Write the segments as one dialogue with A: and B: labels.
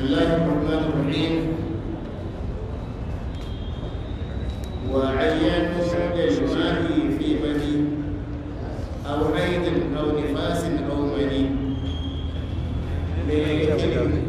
A: بسم الله الرحمن الرحيم وعيان الجماعي في مني أو عيد أو نفاس أو مني بكلمة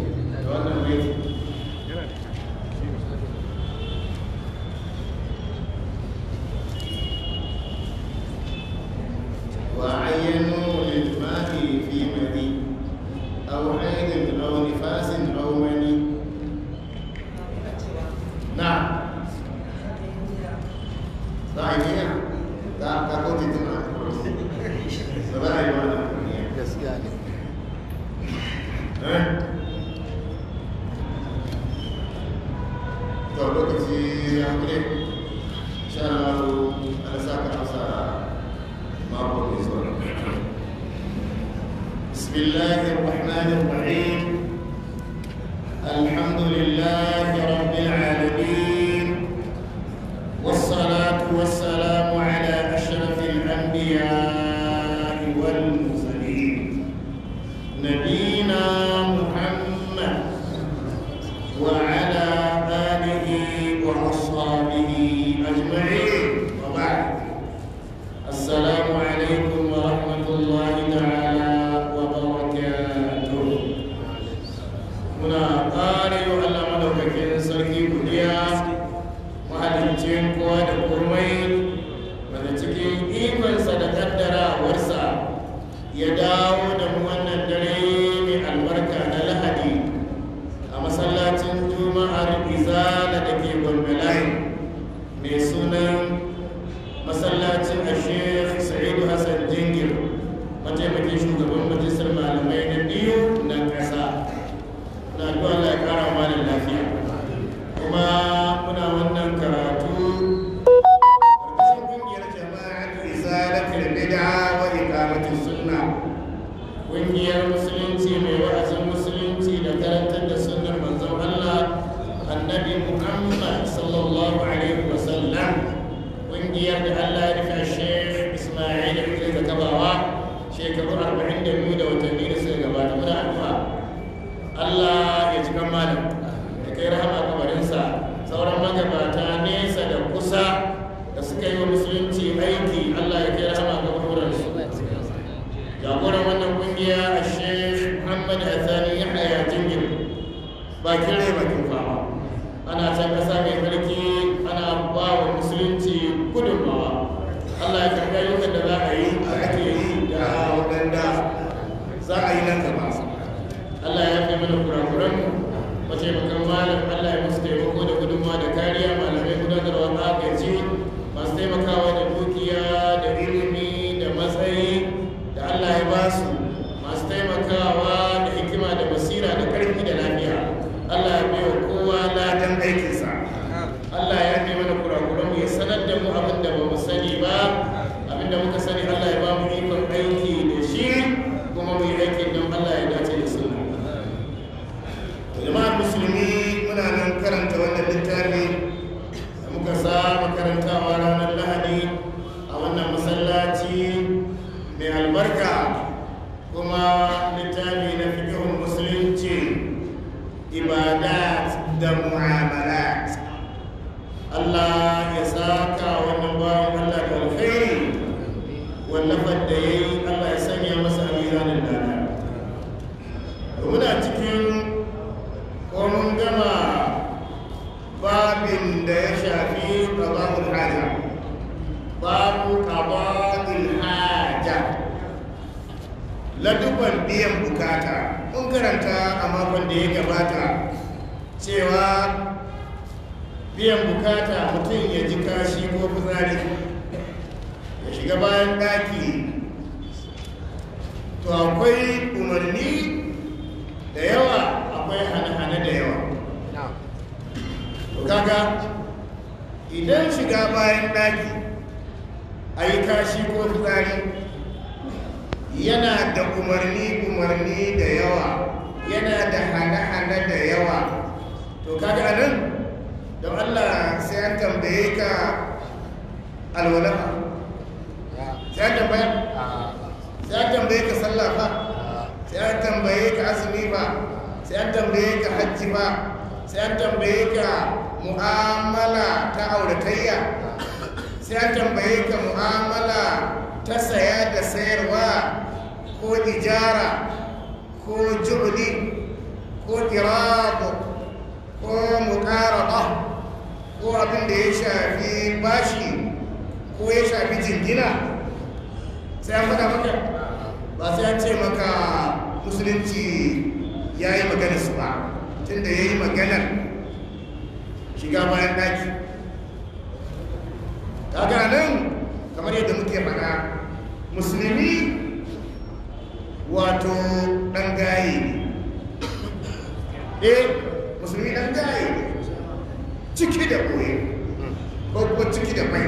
A: suke da mai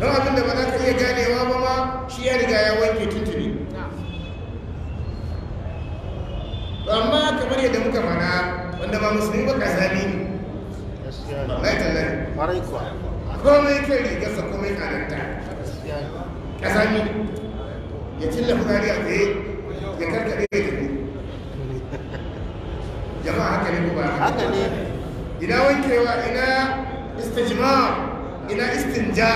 B: don abinda ba za ka iya ganewa
A: ba ma shi ya riga ya wanke tuntuni amma kamar yadda muka fara wanda ba musulmi ba ka zami ne lai tallari komai kai rigarsa komai karanta ka zami ya cilla fukari a tsaye ya karkare ya tafi jama'a haka ne ba haka ne ina wankewa ina istijmar ina istinja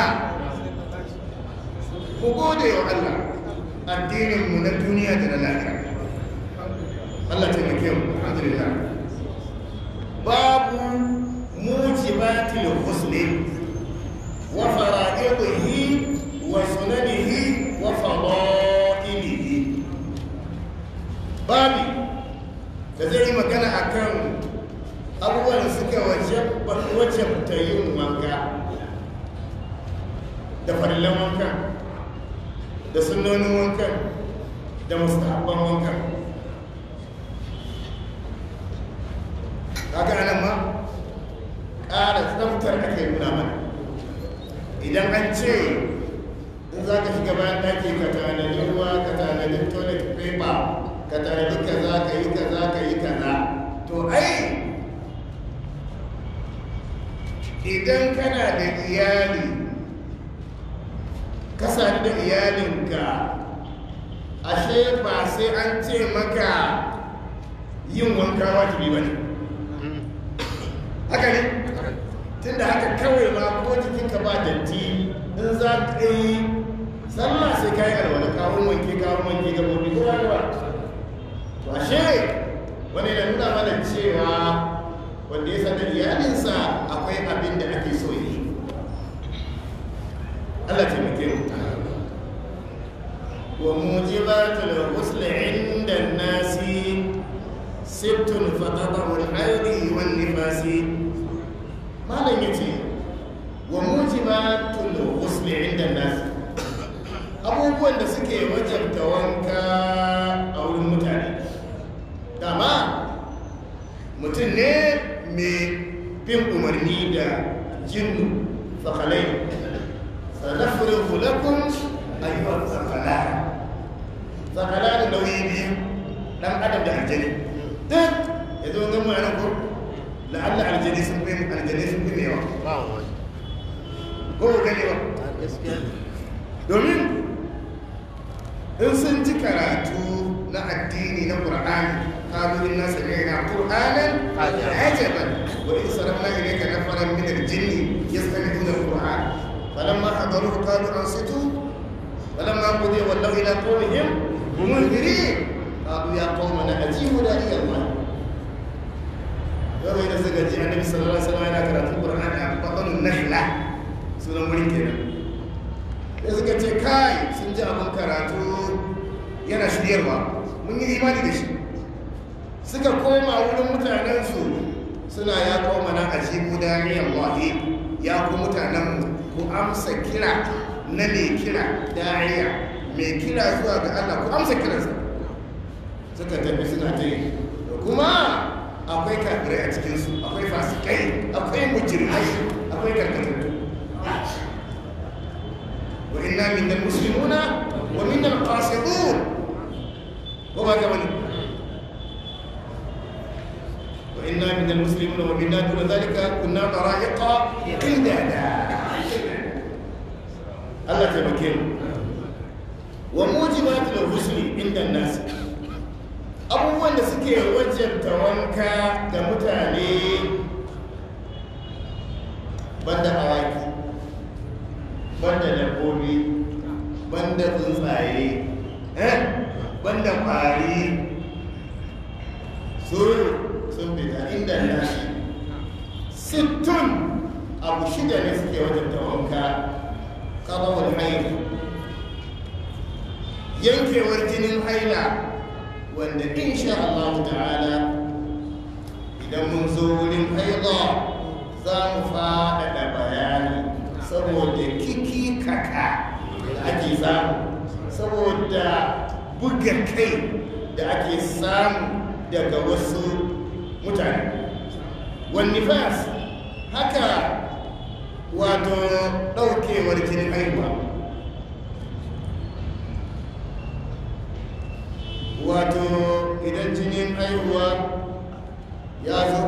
B: ku gode wa Allah
A: addinin mu na duniya da na lahira Allah ta nake mu alhamdulillah babu mujibatil husni wa fara'idihi wa sunanihi wa fada'ilihi babu da zai yi magana akan abubuwan da suka wace ta yin wanka da farillan wankan da sunonin wankan da mustahabban wankan kaga anan ma ƙara tsaftar ake nuna mana idan an ce in za ka shiga bayan ɗaki ka tanadi ruwa ka tanadi toilet paper ka tanadi kaza ka yi kaza ka yi kaza to ai idan kana da iyali ka da iyalinka ashe ba sai an ce maka yin wanka wajibi ba ne haka ne tun da haka kawai ma ko jikinka ba datti in za ka yi sallah sai ka yi alwala kawun wanke kawun wanke gabobi ko ba to ashe wani da nuna mana ci 还有。وإنا من المسلمون ومنا دون ذلك كنا طرائق قددا الله تبكين وموجبات الغسل عند الناس abubuwan da suke wajabta wanka ga mutane banda awaki banda dabbobi banda tsuntsaye banda kwari da na shi
B: sittun
A: abu shida ne suke wajen ta wanka ƙabawar haihu yankewar jinin haila wanda sha Allah ta'ala idan mun zo wurin haila za mu faɗaɗa bayani saboda kiki kaka da ake samu saboda buga kai da ake samu daga wasu mutane wani fas haka wato ɗaukewar jini haihuwa wato idan jinin haihuwa ya zo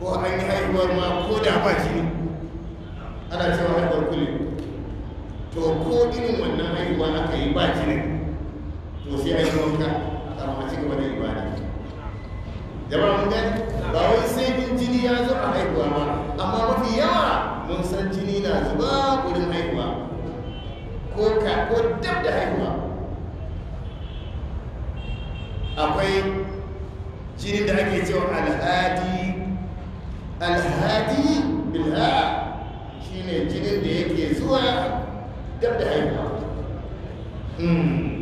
A: ko an yi haihuwar ma ko da ba jini ana cewa haihuwar kuli to ko irin wannan haihuwa aka yi ba jini to sai a ka a ci wani da ibada jama'a mun gani ba wai sai jini ya zo haihuwa ba amma mafi yawa mun san jini na zuba wurin haihuwa ko ka ko dab da haihuwa akwai jini da ake cewa alhadi alhadi bilha shine jinin da yake zuwa dab da haihuwa hmm.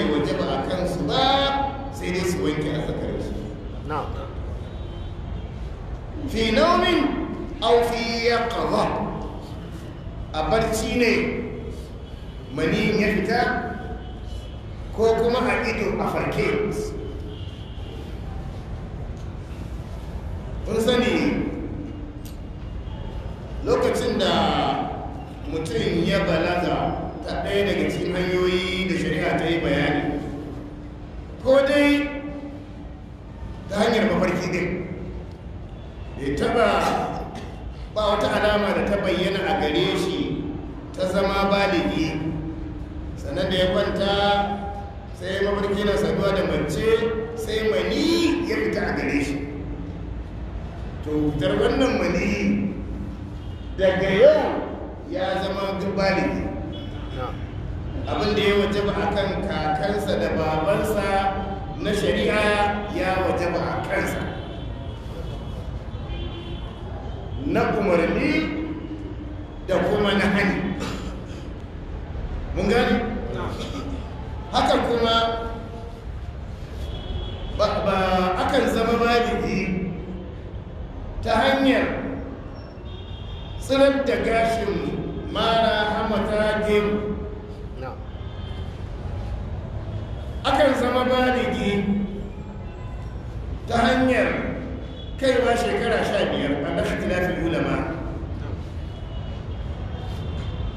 A: bai waje ba a kansu ba sai dai su wanke a sakarar su fi naumin au a barci ne mani ya fita ko kuma a ido a farke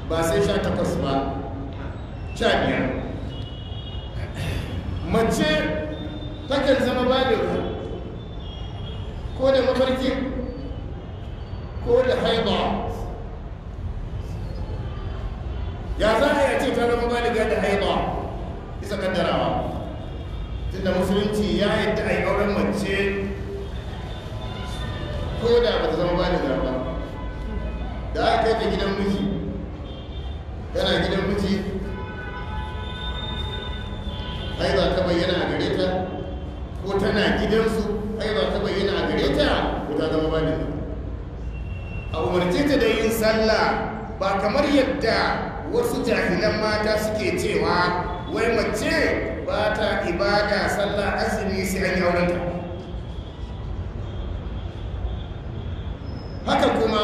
A: ba sai sha takwas ba sha biyar mace takan zama baliga ko da mafarki ko da haiba ya za a ce ta zama baliga da haiba isa kaddarawa tunda musulunci ya yadda a yi auren mace ko da ba ta zama baliga ba da aka yi ta gidan miji tana gidan miji haiza ta bayyana a gare ta ko tana gidansu haiza ta bayyana a gare ta ko ta zama bani a umarci ta da yin sallah ba kamar yadda wasu jahilan mata suke cewa wai mace ba ta ibada sallah azumi sai an yi aurenta haka kuma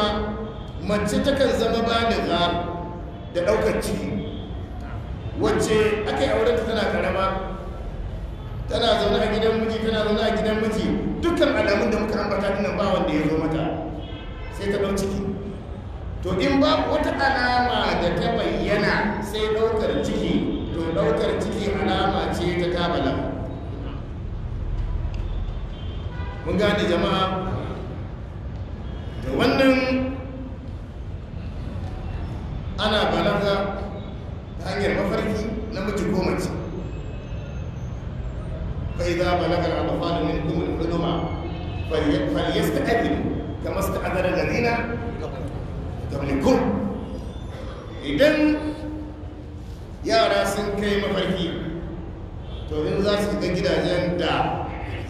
A: mace takan zama baliga da ɗaukar ciki wacce aka yi auren ta tana karama tana zaune a gidan miji tana zaune a gidan miji dukkan alamun da muka ambata dinnan ba wanda ya zo mata sai ta dau ciki to in babu wata alama da ta bayyana sai ɗaukar ciki to ɗaukar ciki alama ce ta tabala mun gane jama'a da wannan ana balaga ta hanyar mafarki na mutu ko mace fa idza balaga ne na kuma al-atfal minkum al-huluma falyasta'dinu da ista'dana alladhina qablikum idan yara sun kai mafarki to in za su shiga gidajen da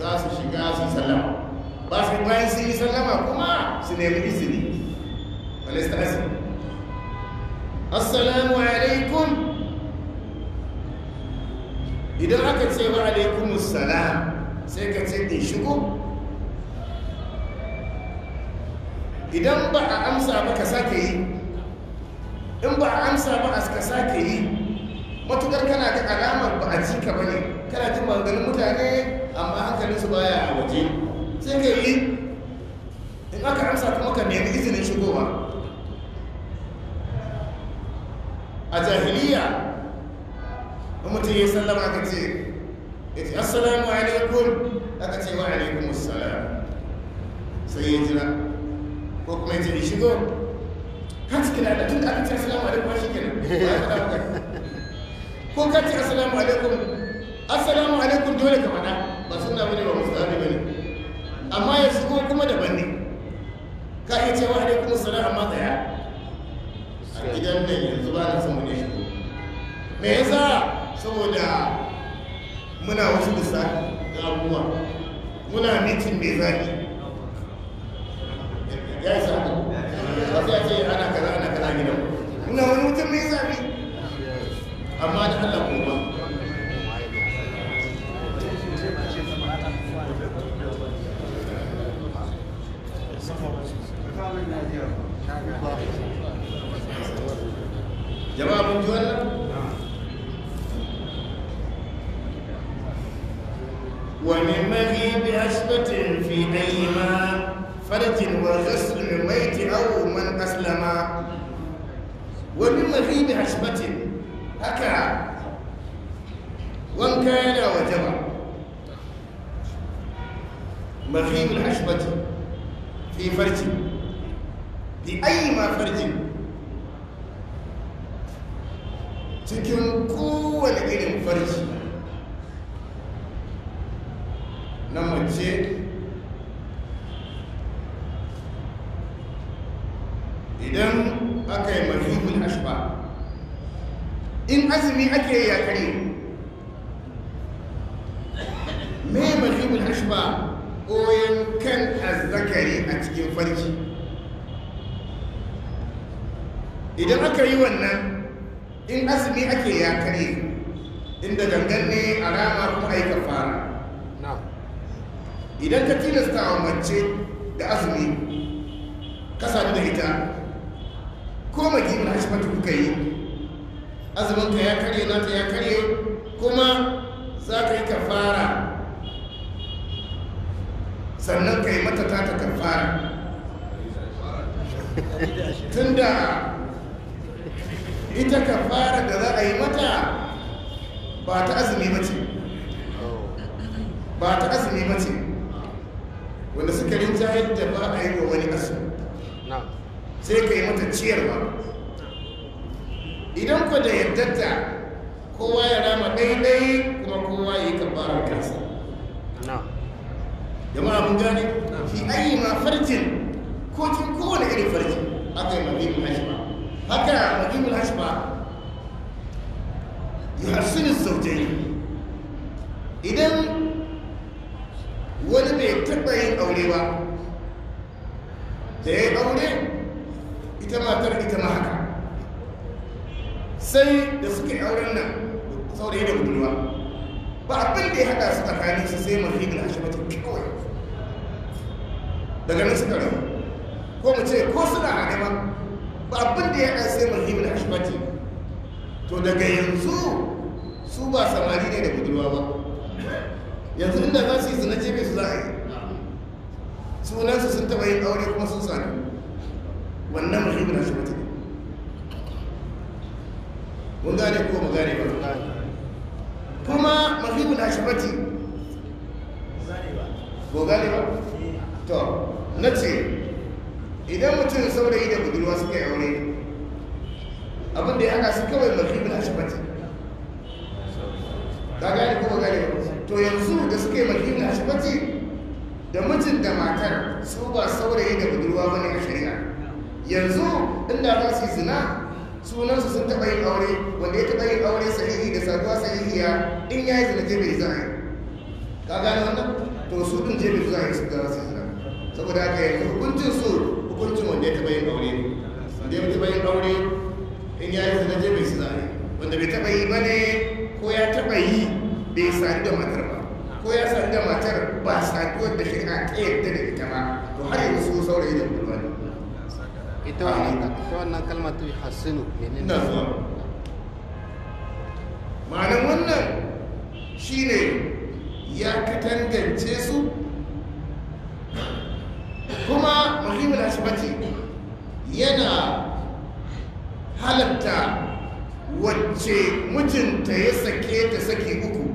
A: za su shiga su sallama ba su bayan sun yi sallama kuma su nemi izini falyasta'dinu assalamu alaikum idan aka ce ba alaikum salam sai ka ce in shigo idan ba a amsa ba ka sake yi in ba a amsa ba ka sake yi matukar kana ga alamar ba a ci ka bane kana jin maganin mutane amma hankalinsu baya a waje sai ka yi in aka amsa kuma ka nemi izinin shigowa a jahiliya in mutum ya sallama ka ce assalamu alaikum aka ce wa alaikum assalam sai ya jira ko kuma ya ce ya shigo kan cikin da tun da aka ce assalamu alaikum a kenan ko ka ce assalamu alaikum assalamu alaikum dole ka faɗa ba sun suna bane ba musu musulmi bane amma ya shigo kuma daban ne ka iya ce wa alaikum assalam amma tsaya gidan nan yanzu ba na son wani shigo me yasa saboda muna wasu lissafi da abubuwa muna mitin mai zafi ya yi sa'adu ba sai ce ana kaza ana kaza gidan
B: muna wani mutum mai zafi amma da Allah ko ba Thank you.
A: ينبغي بأشبة في أيما فرج وغسل الميت أو من أسلم وينبغي بأشبة هكا وان كان وجبا مغيب الحشبة في فرج بأي ما فرج cikin قوة irin فرج na mace idan aka yi mazubin ashba in azumi ake yi ya kare me mazubin ashba koyon kan azzakari a cikin farki idan aka yi wannan in azumi ake ya inda dangane ne a rama kuma aika fara idan ka tilasta wa mace da azumi ka sami da ita ko magibin hashimatu kuka yi ka ya karye nata ya karye kuma za ka yi kafara sannan ka yi mata ta ta kafara da ita kafara da za a yi mata ba ta azumi mace
B: ba ta azumi ba ce wanda suka rinjayar da ba a yi
A: wa wani asu sai ka yi mata ciyarwa idan ku da yaddata kowa ya rama ɗaiɗai kuma kowa ya yi kabbara kansa jama'a mun gane fi ayi ma farjin ko kin kowane irin farji haka yi mahimmin hashima
B: haka mahimmin hashima
A: ya hasunin saujai idan wani bai taɓa yin aure ba da ya yi aure ita matar ita ma haka sai da suke auren nan saurayi da budurwa ba abin da ya haɗa su tsakanin su sai mafi bin ashirin kawai daga nan suka rabu ko mu ce ko suna a nema ba abin da ya haɗa sai mafi bin mace to daga yanzu su ba samari ne da budurwa ba yanzu inda za su yi zina jefe su za a yi sunansu sun taɓa yin aure kuma sun sami wannan muhimmin na shi mutum mun gane ko mu gane ba kuma muhimmin na shi mutum ko gane ba to na ce idan mutum saurayi da budurwa suka yi aure abinda ya haka su kawai muhimmin na shi mutum ta gane ko mu gane ba to yanzu da suke madina shi shabaci da mijin da matar su ba saurayi da budurwa bane a shari'a yanzu inda ba su yi zina sunansu sun taɓa yin aure wanda ya taɓa yin aure sahihi da saduwa sahihiya in ya yi zina jebe za yi ka gane wannan to su ɗin jebe za yi su da su zina saboda haka yanzu hukuncin su hukuncin wanda ya taɓa yin aure wanda ya taɓa yin aure in ya yi zina jebe su yi wanda bai taɓa yi ba ne ko ya taɓa yi bai sadu da matar ba ko ya sadu da matar ba sadu da shi a kayyarta da ita ba to har yanzu sun saurayi da budurwa ne ita wannan kalma ta hassinu menene na zuwa ma'anin wannan shine ya katangance su kuma muhimmin asibiti yana halatta wacce mijinta ya sake ta sake uku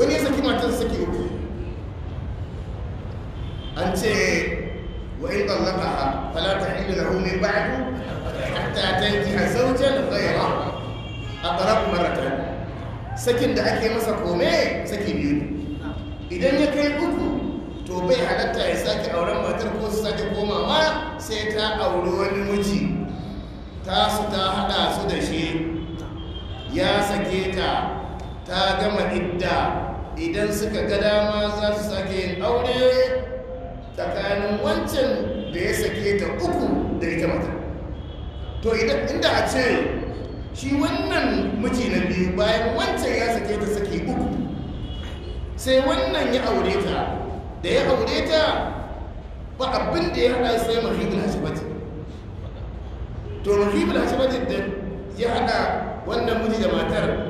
A: wani ya saki matan saki uku an ce wa in a ha fala tahillu lahu min a hatta tankiha zawjan a ɓarar marata sakin da ake masa kome saki biyu ne idan ya kai uku to bai halatta ya sake auren matar ko su sake komawa sai ta auri wani miji ta su ta hada su da shi ya sake ta ta gama idda idan suka ga dama za su sake yin aure tsakanin wancan da ya sake ta uku da ita mata to inda a ce shi wannan miji biyu bayan wancan ya sake ta sake uku sai wannan ya aure ta da ya aure ta ba abin da ya haɗa sai mahimmin hashibati to mahimmin hashibati da ya haɗa wannan miji da matar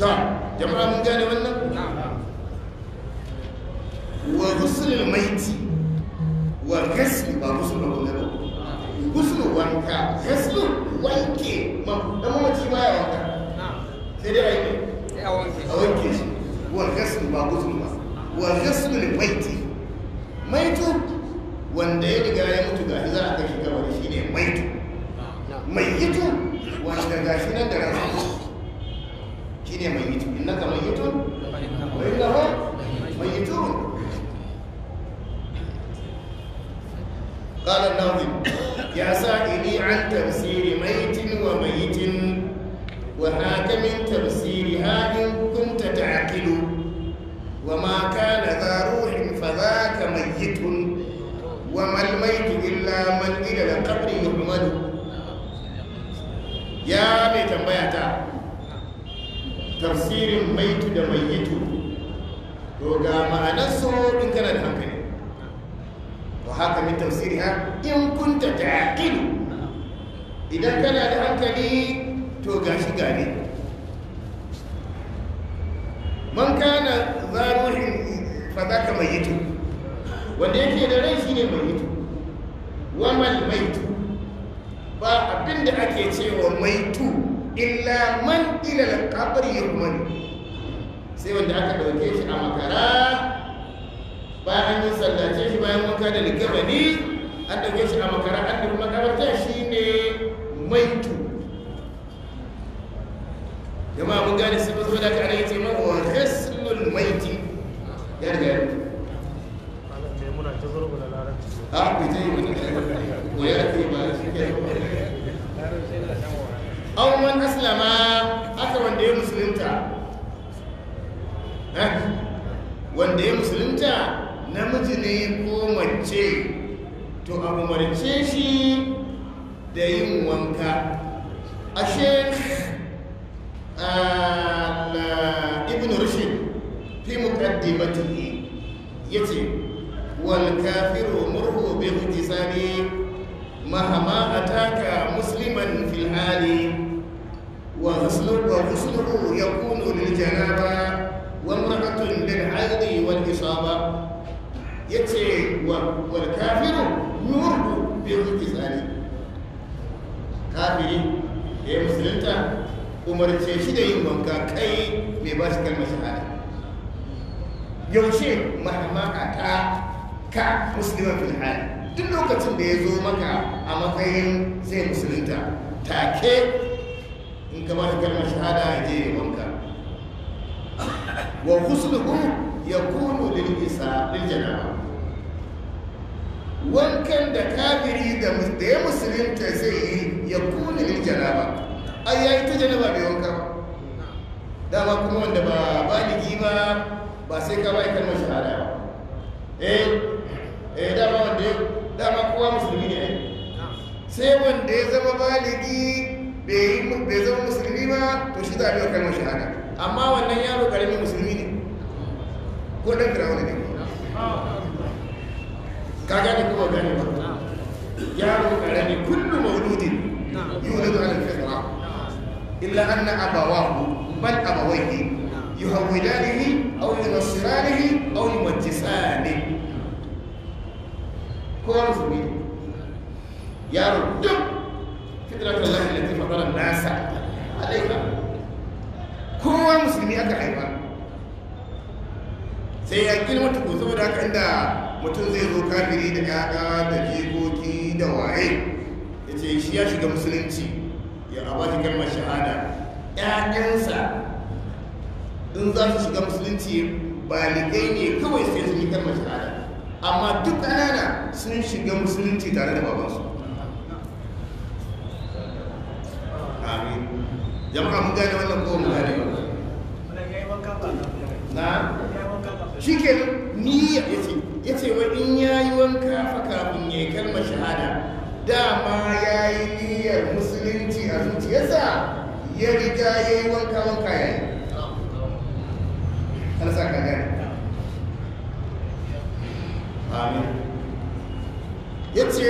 A: ta jama'a mun gane wannan wa gusul maiti wa gasli ba gusul ba ba gusul wanka gaslu wanke ma dan ya wanka sai dai ai a wanke shi wa ba gusul ba wa maiti maitu wanda ya riga ya mutu ga za a kashe kabari shine wanda gashi nan da rasu كيني ميت إنك ميت وإنه ميتون قال الناظم يا سائلي عن تفسير ميت وميت وهاك من تفسير da mayitu to ga ma'anar so in kana da hankali to haka min tafsiri ha in kunta taqilu
B: idan kana da
A: hankali to gashi gane man kana zaruhin fa zaka mayitu wanda yake da rai shine mayitu wa mal maitu ba abinda ake cewa maitu illa man ila al-qabr yumani aka ɗauke shi a makara bayan an yi sallace shi bayan wanka da likabani an ɗauke shi a makara an ɗauki makabarta shi sa umarce shi da yin wanka kai mai ba shi kalmar shahada yaushe mahamaka ta ka musulman fil hali duk lokacin da ya zo maka a matsayin zai musulunta ta ke in ka ba shi kalmar shahada ya je wanka wa ya yakunu lil isa lil janaba wankan da kafiri da ya musulunta zai yi ya kuna lil janaba ai ya yi ta janaba mai wanka ba dama kuma wanda ba baligi ba ba sai ka ba kalmar shahada ba eh eh dama wanda dama kowa musulmi ne sai wanda ya zama baligi bai zama musulmi ba to shi zaɓi a biyo kalmar amma wannan yaro karamin musulmi ne ko ɗan wani ne ka gane kuma gane ba yaro karami yi mauludin zuwa da fesara. illa anna abawahu bal abawaihi yuhawwidanihi aw yunassiranihi aw yumajjisani kowa musulmi yaro duk fitratul lahi lati fatara nasa kowa musulmi aka haifa sai ya girma tukun saboda haka inda mutum zai zo kafiri da ƴaƴa da jikoki da waye ya ce shi ya shiga musulunci a ba shi kalmar shahada ƴaƴansa in za su shiga musulunci ba ligai ne kawai sai su yi kalmar shahada amma duk ƙanana sun shiga musulunci tare da babansu amin jama'a mun gane wannan ko mun gane
B: ba na shi ke
A: ni ya ce ya ce wa in ya yi wanka fa kafin ya yi kalmar shahada dama ya yi musulunci a zuciyarsa ya riga ya yi wanka wanka ya yi ƙarsa ka gani amin ya ce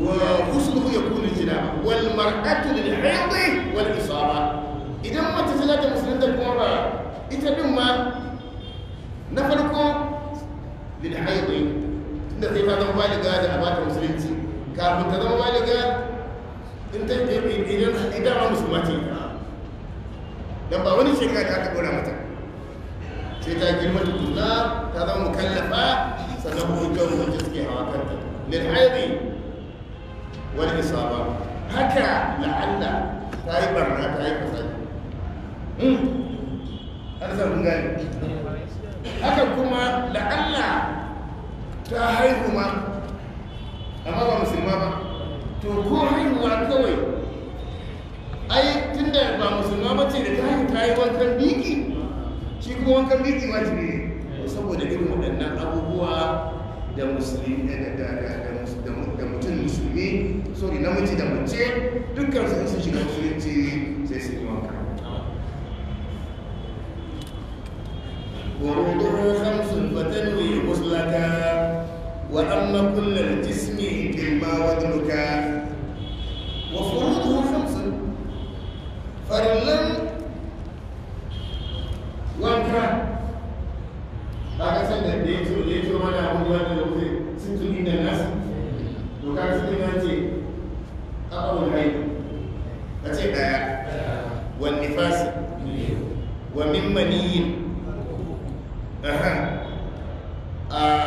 A: wa husnuhu ya kuni jina wal mar'atu lil haidi wal isaba idan mace tana da musulunta kuma ita din ma na farko lil haidi tunda sai ta zama baliga da abata musulunci kafin ta zama baliga in ta idan idan ma musulma ce ta dan ba wani shekara da aka dora mata sai ta girma tukunna ta zama mukallafa sannan hujjar hujjar suke hawa kanta lil haidi wal isaba haka la'alla ta yi barna ta yi fasadi har hmm. zan gani haka kuma la'alla ta haihu ma amma ba musulma ba to ko haihuwa kawai ai tun da ba musulma ba ce da ta haihu ta yi wankan biki shi kuma wankan biki wajibi ne saboda irin waɗannan abubuwa da musulmi da mutum musulmi sorry namiji da mace dukkan su sun shiga musulunci sai su yi wanka وروضه خمس فتنوي laka. وأن كل الجسم بالماء وذلك وفروضه خمسة فرلم وانكا بعد سنة ليتو ليتو مانا أقول يا دكتور سنتو إن الناس دكتور سنتو إن أقول هاي أتي والنفاس ومن منين أها آه.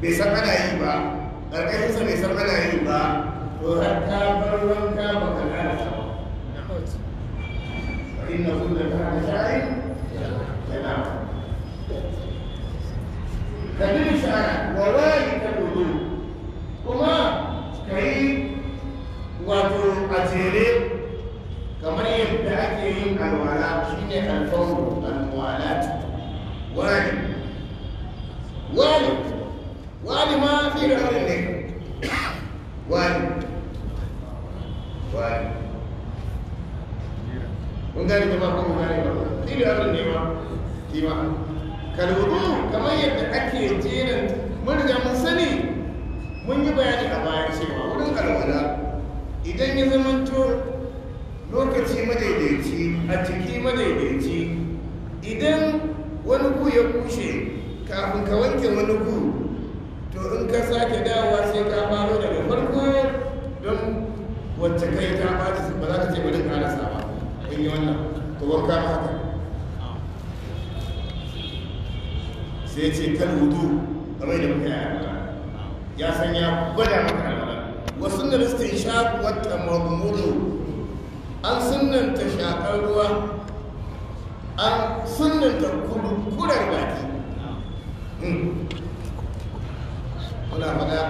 A: bai san ana yi ba ƙarƙashinsa bai san ana yi ba to har
B: bar wanka ba ka lalata ba
A: فإنه لكان shara سلام كذلك شاعر وذلك kuma ka yi wato a jere kamar yadda ake yin alwala shine alfawru alwalat wani wani إلى الأولين وأن وأن وذلك ما قوم ذلك إلى mun mun sani mun yi bayani a cewa wurin idan ya zamanto lokaci madaidaici a ciki madaidaici idan wani ku ya kushe kafin ka wanke wani ku to in ka sake dawowa sai ka faro daga farko don wacce kai ta ɓaci ba za ka ce bari ƙarasa ba in yi wannan to wanka ka haka sai ce kan hudu kamar da muka yi ya san ya gwada maka alwala
B: wasu na listin
A: wata tamamuru an sunanta shakar ruwa an sunanta kudu kudar baki hmm. muna faɗa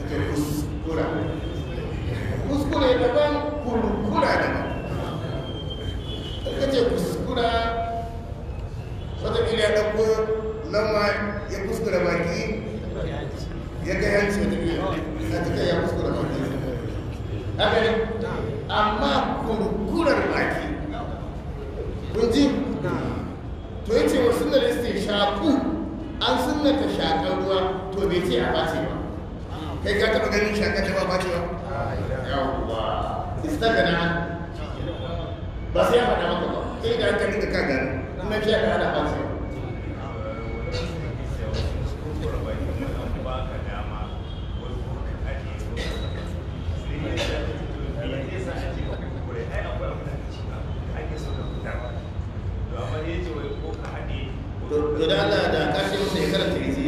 A: ake kuskura kuskure daban kurkura daban ya yace wasu shaku an ta shakar ruwa to bai ce a bace ba kai ka taɓa ganin shakar ta ba bace ba yawwa ista gana ba sai ya faɗa maka ba sai da an rinka ka gani in na ce ka hada ba.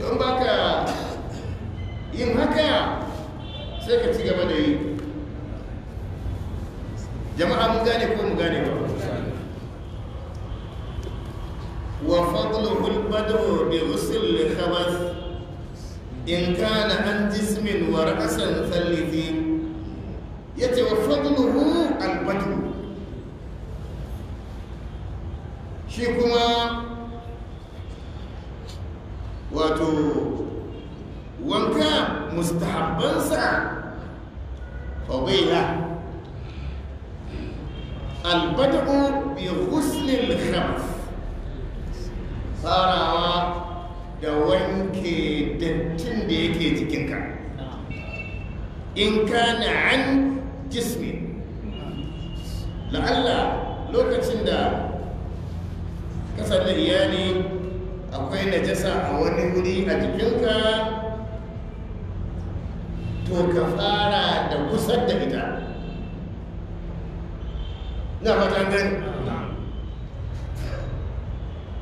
A: don baka yin haka sai ka ci gaba da yi jama'a mun gane ko mu gane ba wa fadlu al-badru bi ghusl li khabath in kana an jismin wa ra'san thalithi yace wa fadluhu al-badru shi kuma mustahabbansa fawaila albada'u bi husnil khamas farawa da wanke dattin da yake jikinka in ka na'an jismi la'alla lokacin da kasar da iyali akwai najasa a wani wuri a jikinka to ka fara da kusan da ita na fatan gani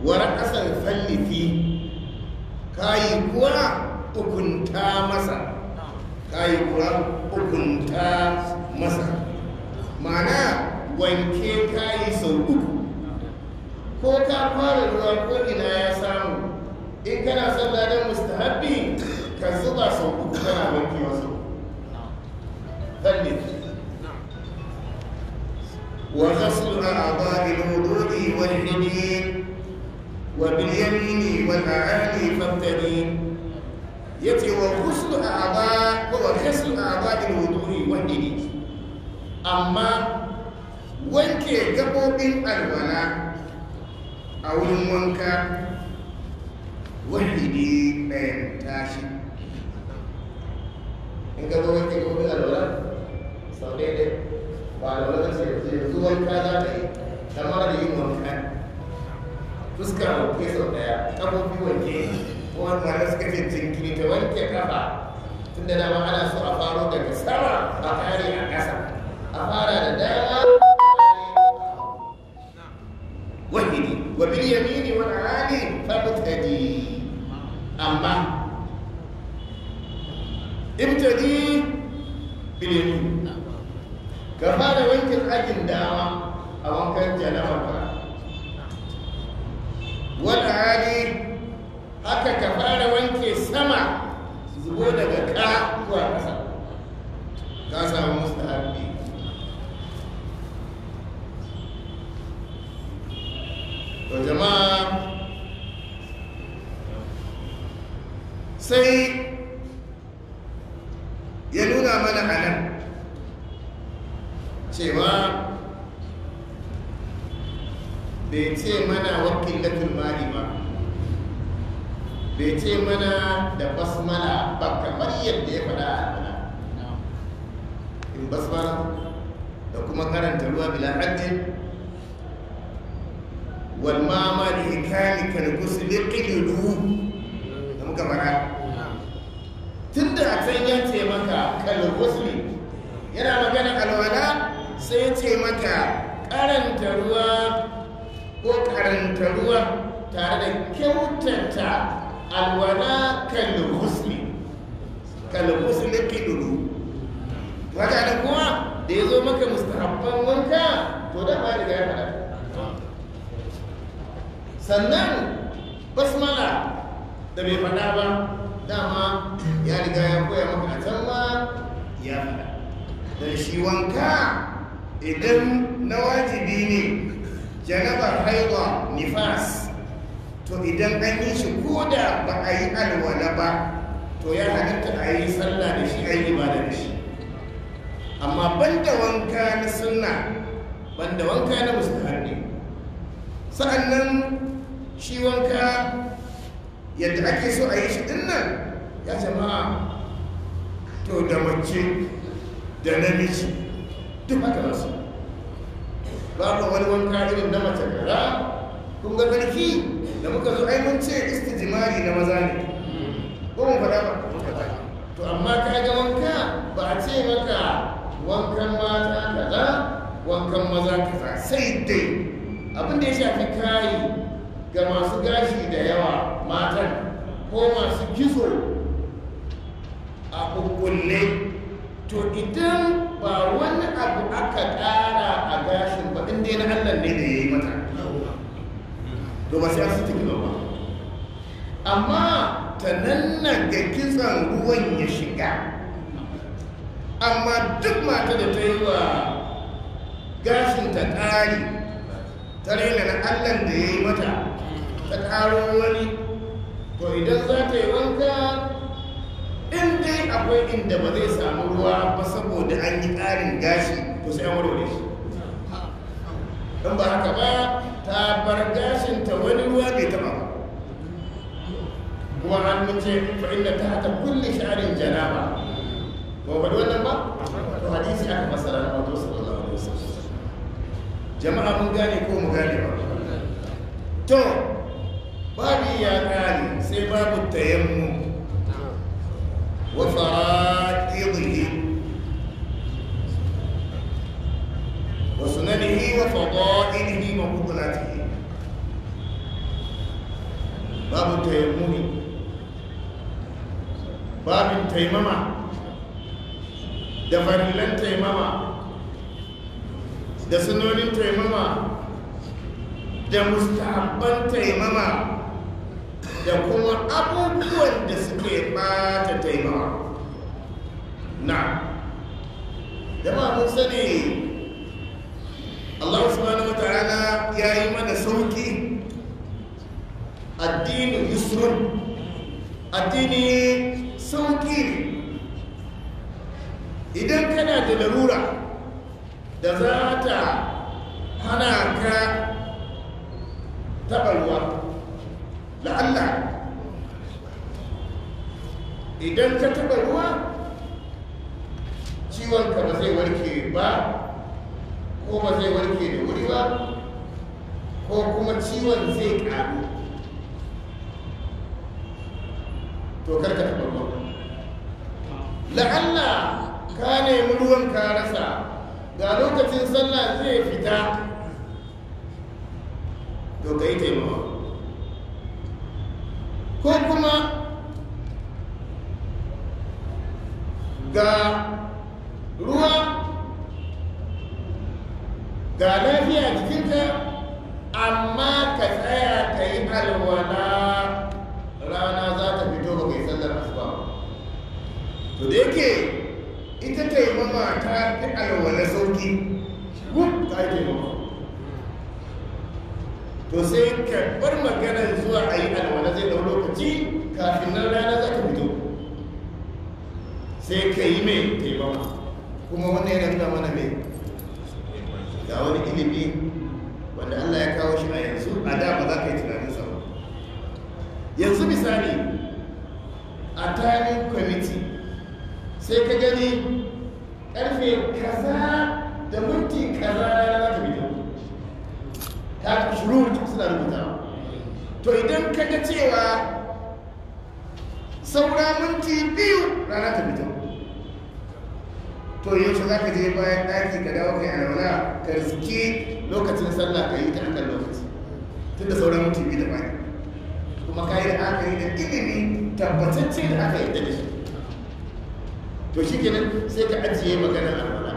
A: warar ƙasar fallifi kayi kuwa hukunta masa kayi kuwa hukunta masa mana wanke kayi sau uku ko ka fara ruwa ko ina ya samu in kana son ladan mustahabbi ka zuba sau uku kana wanke wasu ثلث وغسل أعضاء الوضوء والحنين
B: وباليمين والأعالي
A: فابتدين
B: يتي وغسل أعضاء وغسل أعضاء
A: الوضوء والحنين أما
B: wanke gabobin alwala
A: a wurin wanka wahidi ɗayan tashi in gaba wanke gabobin alwala sau ɗaya ne ba da wani ce da yi ta mara yin wanka fuskar wanke sau ɗaya ƙafofi ko wani ta wanke ƙafa tunda dama ana so a faro daga sama a kare a ƙasa a fara da dama ya zo maka mustahabban wanka to da ba riga ya faɗa sannan basmala da bai faɗa ba dama ya riga ya koya maka a ma ya faɗa don shi wanka idan na wajibi ne jarabar haihuwa nifas to idan an yi shi ko da ba a yi alwala ba to ya halitta a yi sallah da shi a yi ibada da shi amma banda wanka na sunna banda wanka na sa'an sa'annan shi wanka yadda ake so a yi shi dinnan ya jama'a to da mace da namiji duk haka masu babu wani wanka irin na mace gara kun ga karfi da muka zo ai mun ce jimari na maza ne ko mun fada ba to amma ka ga wanka ba a ce maka wankan mata kaza wankan maza kaza sai dai abin da ya shafi kayi ga masu gashi da yawa matan ko masu gizo a kukulle to idan ba wani abu aka kara a gashin ba inda na allah ne da ya yi mata to ba sai ta su ba amma ta nan ga kisan ruwan ya shiga amma duk mata da ta yi wa gashinta ƙari ta raina na allan da ya yi mata ta ƙaro wani to idan za ta yi wanka in dai akwai inda ba zai samu ruwa ba saboda an yi ƙarin gashi to sai an warware shi in ba haka ba ta bar gashinta wani ruwa bai taɓa ba kuma an mace fa'in da ta haka kulle sha'arin janaba ba jama'a mun gane ko mu gane ba to babi ya kare sai babu tayammu wa fa'idhi wa sunanihi wa fadailihi wa qudratihi babu tayammumi babin taimama da sanonin taimama da mustaban taimama da kuma abubuwan da suke bata taimama na jama mun sani Allah subhanahu wa ta'ala ya yi mana sauki addinin yusrun addini sauki idan kana da larura to da yake ita mama ta fi alwala sauki wuk ta taimama to sai karbar magana zuwa a yi alwala zai ɗau lokaci kafin nan rana za ta fito sai ka yi mai mama kuma wannan yana nuna mana mai ga wani ilimi wanda Allah ya kawo shi a yanzu a da ba za ka yi tunanin sa yanzu misali a tarin kwamiti sai ka gani karfe kaza da minti kaza rana za ta fito ta shuru suna rubuta to idan ka ga cewa saura minti biyu rana ta fito to yaushe za ka je bayan ɗaki ka dawo kai alwala ka riske lokacin sallah ka yi ta akan lokaci tunda sauran minti biyu da bayan kuma ka yi da aka yi da ilimi tabbatacce da aka yi da shi to shi kenan sai ka ajiye maganar alwala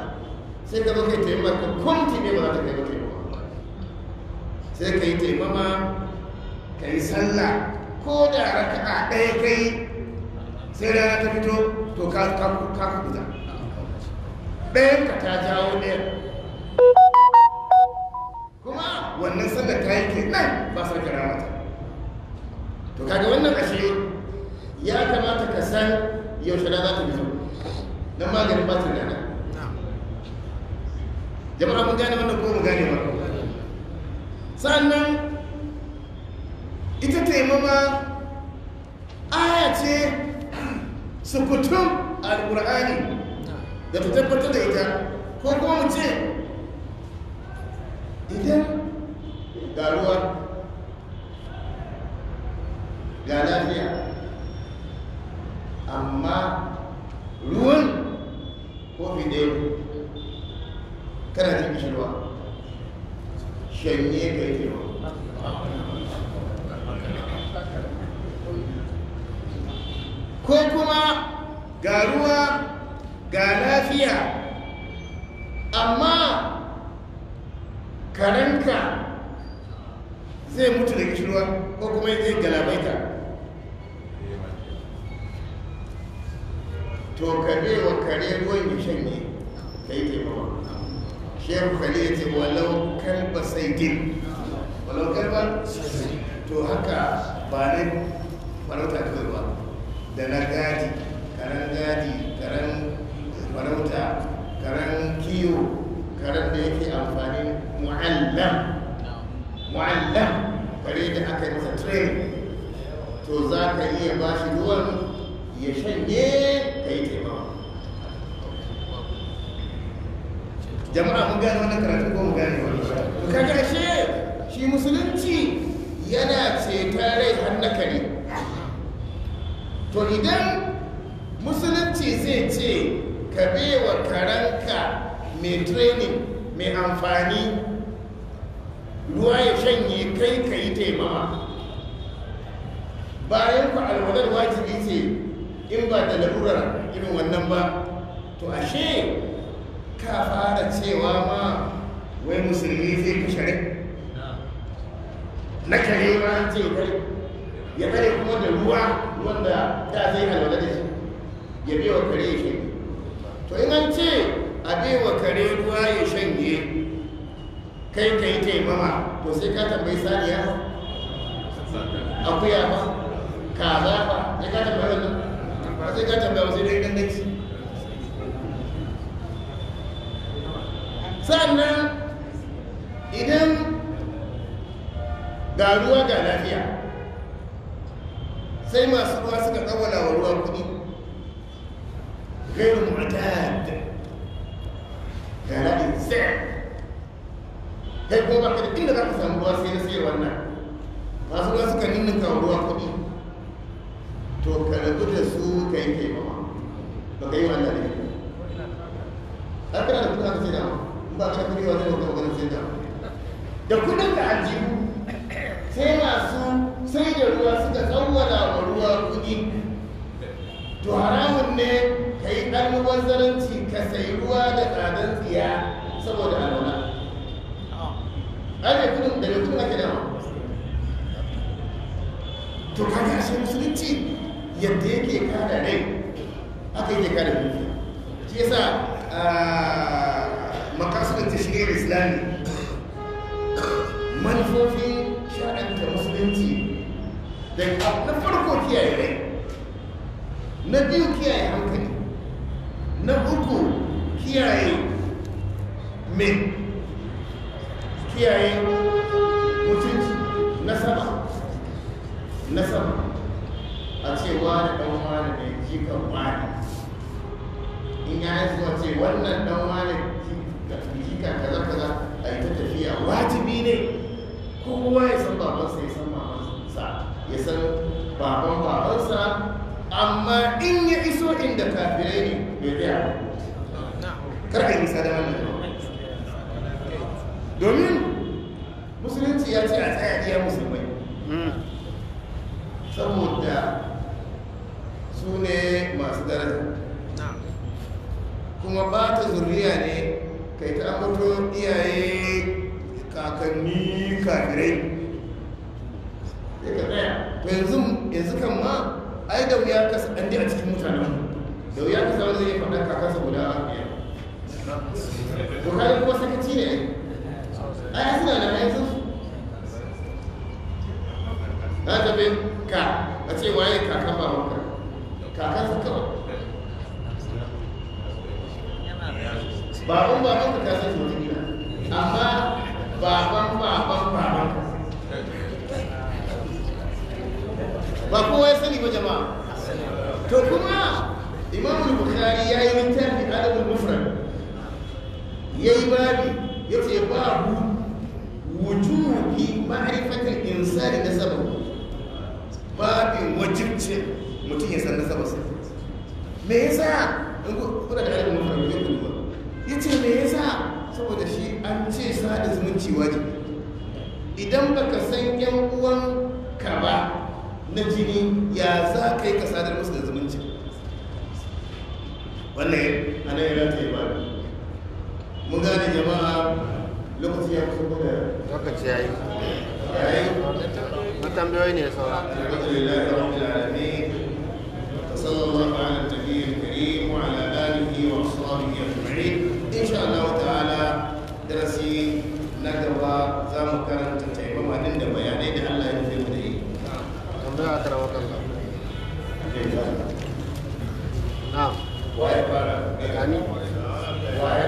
A: sai ka baka taimama ka kwanci ne ba za ta kai ba taimama sai ka yi taimama ka yi sallah ko da a ɗaya kai sai rana ta fito to ka kuɓuta ɗayan ka ta jawo ɗaya kuma wannan sallar ta yi ke nan ba sa kira mata to kaga wannan ashe ya kamata ka san yaushe na za ta fito don maganin ba su gane jama'a mun gane wannan kuma mu gane ba sannan ita taimama aya ce su sukutun alkur'ani da ta tabbatar da ita ko kuma mu ce idan garuwa ga lafiya amma ruwan kofi ɗaya kana jin kishirwa shanye ka yi kewa ko kuma
B: ga ruwa ga lafiya
A: amma karanka zai mutu da kishirwa ko kuma zai galabaita to kare wa kare ruwan ya shanye ka yi taimawa shehu kare ya ce walau kalba sai din walau kalba to haka ba ne farauta kawai ba da na gadi karen gadi karen farauta karen kiyo karen da yake amfani mu'allam mu'allam kare da aka yi masa to za ka iya ba shi ruwan ya shanye jama'a mun gane wannan karatu ko mu gane wani to kaga shi musulunci yana ceton rai har na kare to idan musulunci zai ce ka bewa karanka mai training mai amfani ruwa ya shanye kai ka yi taimama bayan ku alwadar wajibi ce in ba da larurar irin wannan ba to ashe
B: ka fara cewa ma
A: wai musulmi zai ka shari
B: na kare ma ce kare
A: ya kare kuma da ruwa wanda ta zai alwala da shi ya bewa kare ya shanye to in an ce a bewa kare ruwa ya shanye kai ka yi taimama to sai ka tambayi saniya akuya ba kaza ba ya ka tambayi
B: sai ka tambaya ba sai dai
A: dan sannan idan ga ruwa ga lafiya sai masu ruwa suka tsawala wa ruwa kudi gairu mu'tad ga lafiya sai kai ko ba ka da inda za ka samu ya ce a tsaya iya musulmai hmm. saboda su ne masu daraja kuma ba ta zurriya ne kai ta amurto iyaye kakanni kafirai ya yanzu yanzu kan ma ai da wuya ka sandi a cikin mutanen da wuya ka zama zai faɗa kaka guda a biyar ko kayan kuma sakaci ne ai suna da hayan za ta bin ka a ce waye kakan babanka
B: kakan su kawai baban babanka ka san shi wani amma baban baban babanka
A: ba kowa ya sani ba jama'a to kuma
B: imamu bukhari ya yi littafi
A: adabul mufrad ya yi babi ya ce babu wujuhi ma'rifatul insani da sababu babin wajibci mutum ya san nasabar sa me ya sa in kuna da ilimin farko ne ya ce me ya sa? saboda shi an ce sada zumunci wajibi idan baka san yan uwan ka ba na jini ya za ka yi ka sadar musu da zumunci wannan nan yana rata yi ba mun gane jama'a lokaci ya kusa da lokaci ya yi
B: تنبيهين يا صلاح الحمد لله رب العالمين وصلى الله على النبي الكريم
A: وعلى اله واصحابه اجمعين ان شاء الله تعالى درسي نقرا زام كان وما عند بياني ده الله ينفي بدي تنبيه الله نعم واي يعني واي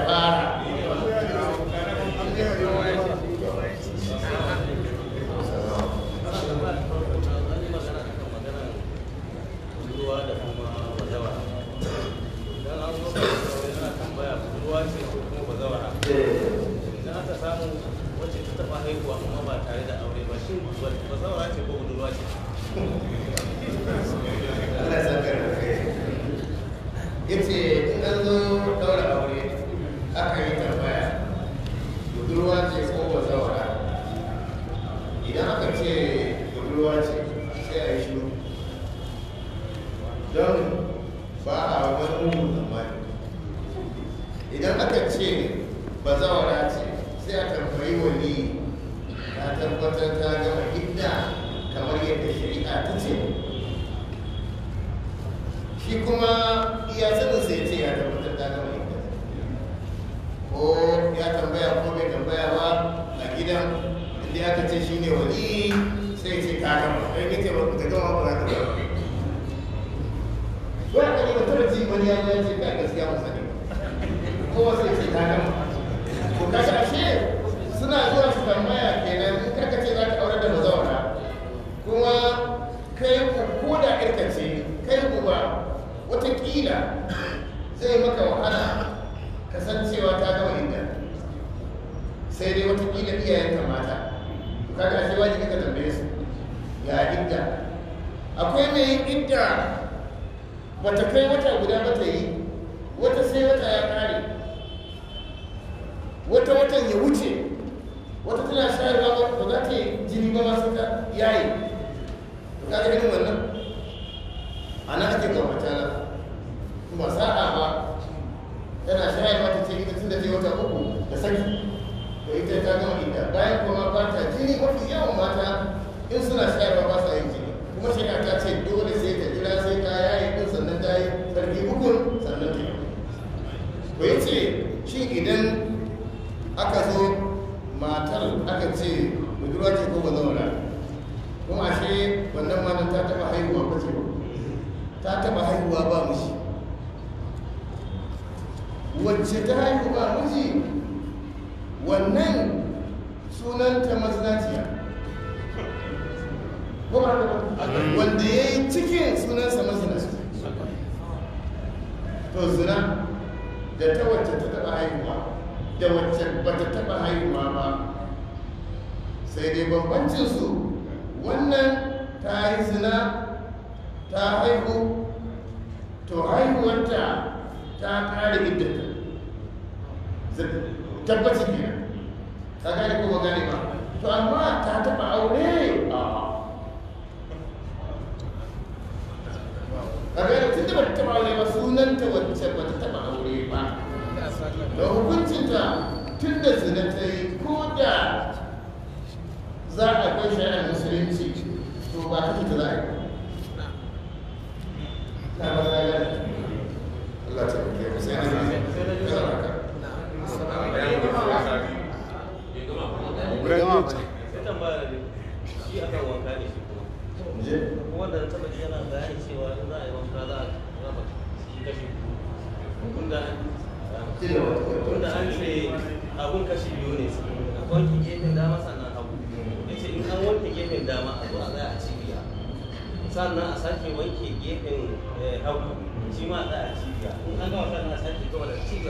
A: es una cerva, bastante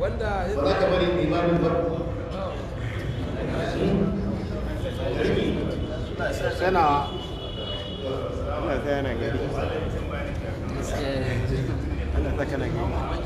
B: wanda ba ka bari farko ta yana gari ana ta kana gari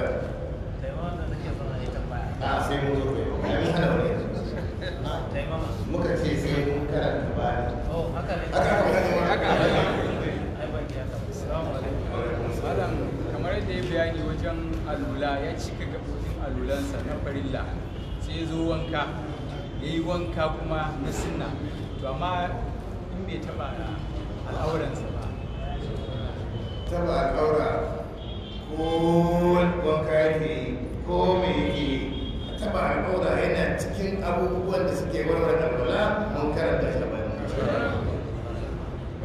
B: kamar yadda
A: ya bayani wajen alula ya cika gabobin alulansa na farilla sai ya zo wanka ya yi wanka kuma na sunna to amma in bai taba al'auransa ba taba al'aura ko wanka yake ko me yake
B: taba al'aura
A: yana cikin abubuwan da suke warware alula mun karanta shi a bayan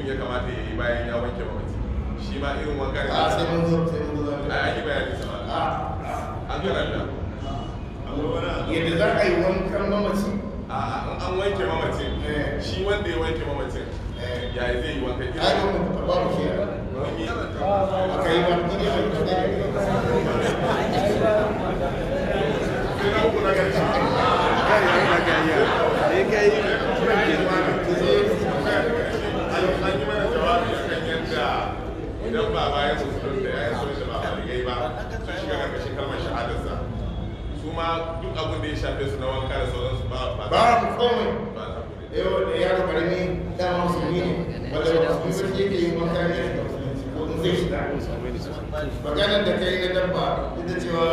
A: mutum ya kamata ya yi bayan ya wanke mamaci shi ma irin wanka ne a ah, sai mun zo sai mun
B: zo a yi ah, bayani sama a ah, an karanta yadda za a yi mamaci a an wanke mamaci. Eh. shi wanda ya wanke mamacin eh. ya zai yi wanka ina
A: maganar da kai na dabba ita da cewa